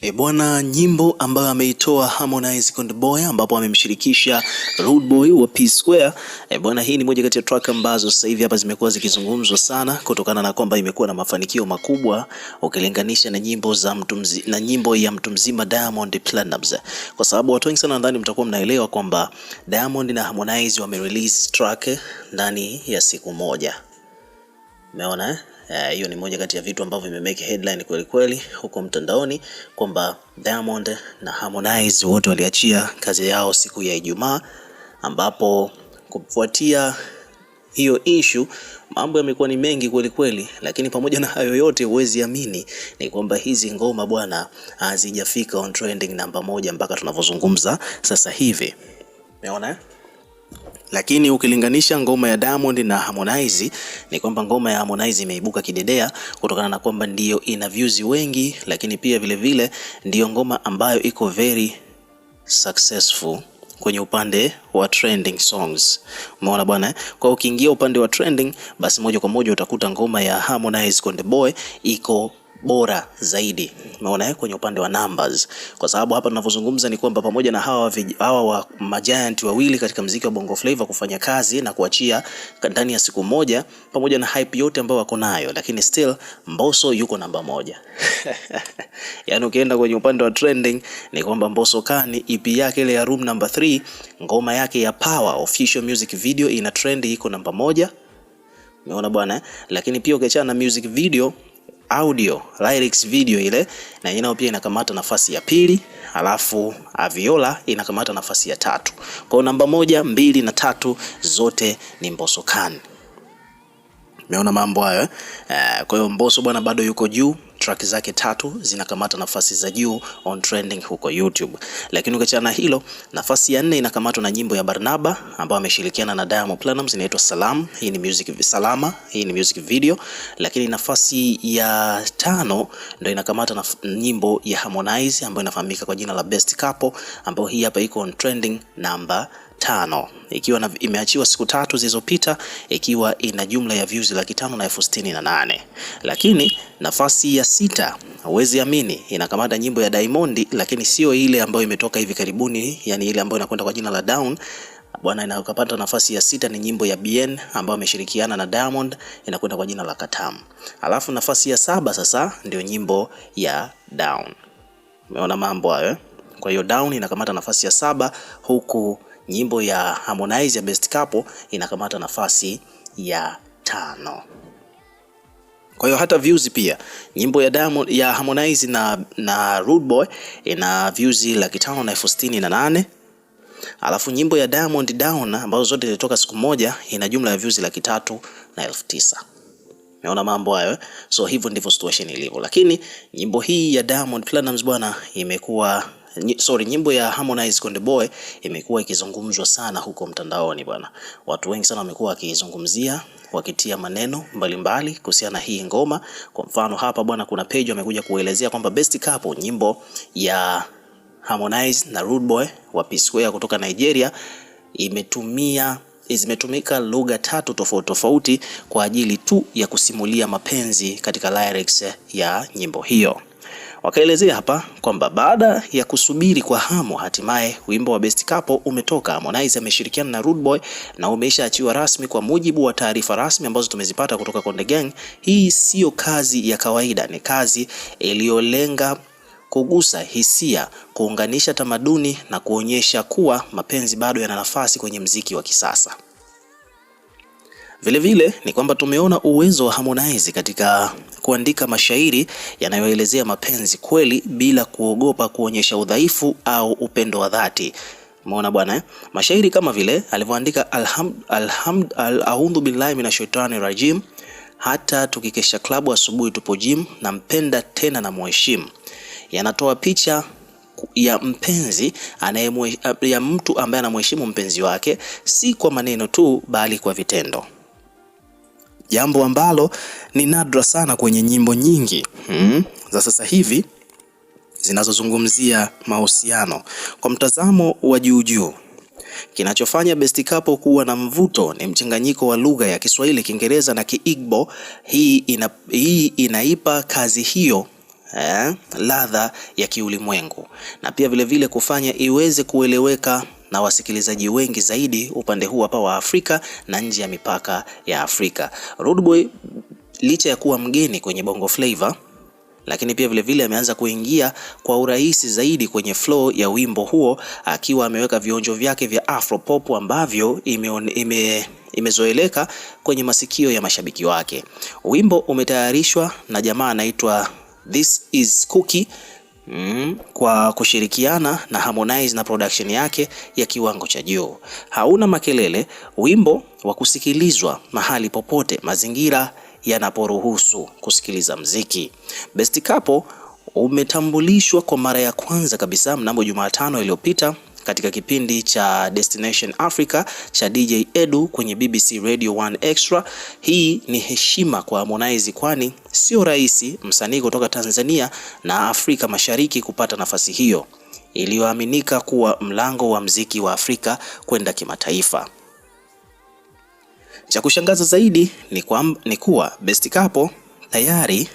E bwana, nyimbo ambayo ameitoa Harmonize Konde Boy ambapo amemshirikisha Rude Boy wa P Square. E bwana, hii ni moja kati ya track ambazo sasa hivi hapa zimekuwa zikizungumzwa sana kutokana na kwamba imekuwa na mafanikio makubwa ukilinganisha na nyimbo za mtu na nyimbo ya mtu mzima Diamond Platnumz, kwa sababu watu wengi sana nadhani mtakuwa mnaelewa kwamba Diamond na Harmonize wame track ndani ya siku moja, umeona eh? Eh, hiyo uh, ni moja kati ya vitu ambavyo vimemake headline kweli kweli huko mtandaoni kwamba Diamond na Harmonize wote waliachia kazi yao siku ya Ijumaa, ambapo kufuatia hiyo issue mambo yamekuwa ni mengi kweli kweli, lakini pamoja na hayo yote, huwezi amini ni kwamba hizi ngoma bwana hazijafika on trending namba moja mpaka tunavyozungumza sasa hivi, umeona? Lakini ukilinganisha ngoma ya Diamond na Harmonize ni kwamba ngoma ya Harmonize imeibuka kidedea kutokana na kwamba ndiyo ina views wengi, lakini pia vilevile vile, ndiyo ngoma ambayo iko very successful kwenye upande wa trending songs. Umeona bwana eh? Kwa ukiingia upande wa trending, basi moja kwa moja utakuta ngoma ya Harmonize Konde Boy iko bora zaidi, umeona eh, kwenye upande wa numbers, kwa sababu hapa tunavyozungumza ni kwamba pamoja na hawa hawa wa majiant wawili katika mziki wa Bongo Flava kufanya kazi na kuachia ndani ya siku moja, pamoja na hype yote ambayo wako nayo, lakini still Mbosso yuko namba moja. Yaani ukienda kwenye upande wa trending ni kwamba Mbosso kani EP yake ile ya room number 3 ngoma yake ya Power official music video ina trend iko namba moja. Umeona bwana, eh? lakini pia ukiachana na music video audio lyrics video ile na yenyewe pia inakamata nafasi ya pili, alafu Aviola inakamata nafasi ya tatu. Kwa namba moja, mbili na tatu zote ni Mbosso Khan. Umeona mambo hayo eh? eh? Kwa hiyo Mbosso bwana bado yuko juu, track zake tatu zinakamata nafasi za juu on trending huko YouTube. Lakini ukiachana na hilo, nafasi ya nne inakamatwa na nyimbo ya Barnaba ambayo ameshirikiana na Diamond Platnumz inaitwa Salam. Hii ni music salama, hii ni music video. Lakini nafasi ya tano ndio inakamata na nyimbo ya Harmonize ambayo inafahamika kwa jina la Best Couple ambayo hii hapa iko on trending namba tano ikiwa na, imeachiwa siku tatu zilizopita ikiwa ina jumla ya views laki tano na elfu sitini na nane lakini nafasi ya sita huwezi amini inakamata nyimbo ya Diamond, lakini sio ile ambayo imetoka hivi karibuni, yani ile ambayo inakwenda kwa jina la Down bwana, inakapata nafasi ya sita ni nyimbo ya Bien ambayo ameshirikiana na Diamond inakwenda kwa jina la Katam Alafu nafasi ya saba sasa ndio nyimbo ya Down. Umeona mambo hayo? Eh? Kwa hiyo Down inakamata nafasi ya saba huku Nyimbo ya Harmonize ya Best Couple inakamata nafasi ya tano. Kwa hiyo hata views pia nyimbo ya Diamond, ya Harmonize na, na Rude Boy ina views laki tano na elfu sitini na nane alafu nyimbo ya Diamond Down ambazo zote zilitoka siku moja ina jumla ya views laki tatu na elfu tisa. Umeona mambo hayo, eh? so hivyo ndivyo situation ilivyo, lakini nyimbo hii ya Diamond Platnumz bwana imekuwa sorry, nyimbo ya Harmonize Konde Boy imekuwa ikizungumzwa sana huko mtandaoni bwana. Watu wengi sana wamekuwa wakizungumzia wakitia maneno mbalimbali kuhusiana na hii ngoma. Kwa mfano hapa bwana, kuna page wamekuja kuelezea kwamba best couple, nyimbo ya Harmonize na Rude Boy wa P-Square kutoka Nigeria imetumia zimetumika lugha tatu tofauti tofauti kwa ajili tu ya kusimulia mapenzi katika lyrics ya nyimbo hiyo. Wakaelezea hapa kwamba baada ya kusubiri kwa hamu, hatimaye wimbo wa Best Couple umetoka. Harmonize ameshirikiana na Rude Boy na umeshaachiwa rasmi, kwa mujibu wa taarifa rasmi ambazo tumezipata kutoka Konde Gang. Hii siyo kazi ya kawaida, ni kazi iliyolenga kugusa hisia, kuunganisha tamaduni na kuonyesha kuwa mapenzi bado yana nafasi kwenye mziki wa kisasa. Vilevile ni kwamba tumeona uwezo wa Harmonize katika kuandika mashairi yanayoelezea mapenzi kweli bila kuogopa kuonyesha udhaifu au upendo wa dhati. Umeona bwana eh? Mashairi kama vile alivyoandika alhamd alhamd al audhu billahi minashaitani rajim, hata tukikesha klabu asubuhi tupo gym, nampenda tena na muheshimu, yanatoa picha ya mpenzi ya mtu ambaye anamheshimu mpenzi wake, si kwa maneno tu, bali kwa vitendo jambo ambalo ni nadra sana kwenye nyimbo nyingi hmm, za sasa hivi zinazozungumzia mahusiano kwa mtazamo wa juu juu. Kinachofanya Best Couple kuwa na mvuto ni mchanganyiko wa lugha ya Kiswahili, Kiingereza na Kiigbo. Hii, ina, hii inaipa kazi hiyo eh, ladha ya kiulimwengu na pia vilevile vile kufanya iweze kueleweka na wasikilizaji wengi zaidi upande huu hapa wa Afrika na nje ya mipaka ya Afrika. Rude Boy licha ya kuwa mgeni kwenye Bongo Flava lakini pia vilevile vile ameanza kuingia kwa urahisi zaidi kwenye flow ya wimbo huo akiwa ameweka vionjo vyake vya afro pop ambavyo imezoeleka ime, ime kwenye masikio ya mashabiki wake. Wimbo umetayarishwa na jamaa anaitwa This is Cookie Mm, kwa kushirikiana na Harmonize na production yake ya kiwango cha juu. Hauna makelele, wimbo wa kusikilizwa mahali popote mazingira yanaporuhusu kusikiliza mziki. Best Couple umetambulishwa kwa mara ya kwanza kabisa mnamo Jumatano iliyopita katika kipindi cha Destination Africa cha DJ Edu kwenye BBC Radio 1 Extra. Hii ni heshima kwa Harmonize, kwani sio rahisi msanii kutoka Tanzania na Afrika Mashariki kupata nafasi hiyo iliyoaminika kuwa mlango wa mziki wa Afrika kwenda kimataifa. Cha kushangaza zaidi ni, kwa, ni kuwa Best Couple tayari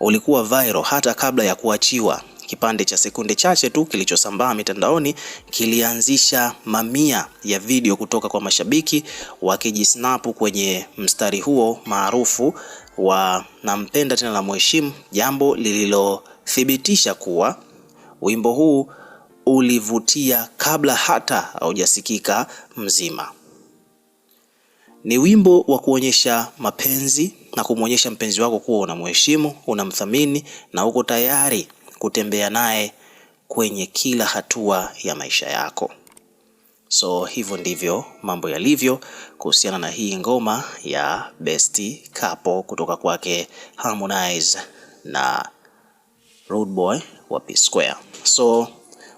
ulikuwa viral hata kabla ya kuachiwa. Kipande cha sekunde chache tu kilichosambaa mitandaoni kilianzisha mamia ya video kutoka kwa mashabiki wakijisnapu kwenye mstari huo maarufu wa nampenda tena mheshimu, jambo lililothibitisha kuwa wimbo huu ulivutia kabla hata haujasikika mzima. Ni wimbo wa kuonyesha mapenzi na kumwonyesha mpenzi wako kuwa unamheshimu, unamthamini na uko tayari kutembea naye kwenye kila hatua ya maisha yako. So hivyo ndivyo mambo yalivyo kuhusiana na hii ngoma ya Best Couple kutoka kwake Harmonize na Rude Boy wa P Square. So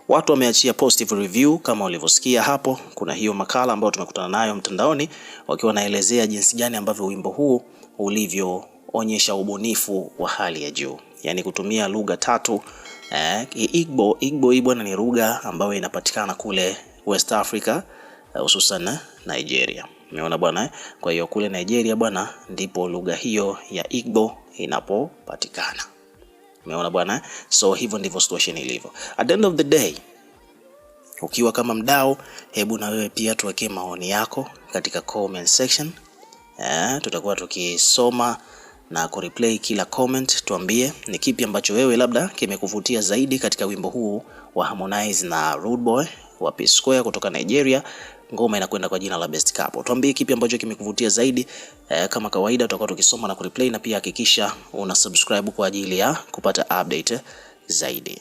watu wameachia positive review kama ulivyosikia hapo. Kuna hiyo makala ambayo tumekutana nayo mtandaoni, wakiwa wanaelezea jinsi gani ambavyo wimbo huu ulivyoonyesha ubunifu wa hali ya juu yani kutumia lugha tatu eh, Igbo. Igbo hii bwana ni lugha ambayo inapatikana kule West Africa eh, hususan eh, Nigeria. Umeona bwana eh? Kwa hiyo kule Nigeria bwana ndipo lugha hiyo ya Igbo inapopatikana. Umeona bwana eh? So hivyo ndivyo situation ilivyo. At the end of the day ukiwa kama mdau, hebu na wewe pia tuweke maoni yako katika comment section eh, tutakuwa tukisoma na kureplay kila comment. Tuambie ni kipi ambacho wewe labda kimekuvutia zaidi katika wimbo huu wa Harmonize na Rude Boy wa P Square kutoka Nigeria. Ngoma inakwenda kwa jina la Best Couple. Tuambie kipi ambacho kimekuvutia zaidi. Eh, kama kawaida tutakuwa tukisoma na kureplay, na pia hakikisha una subscribe kwa ajili ya kupata update zaidi.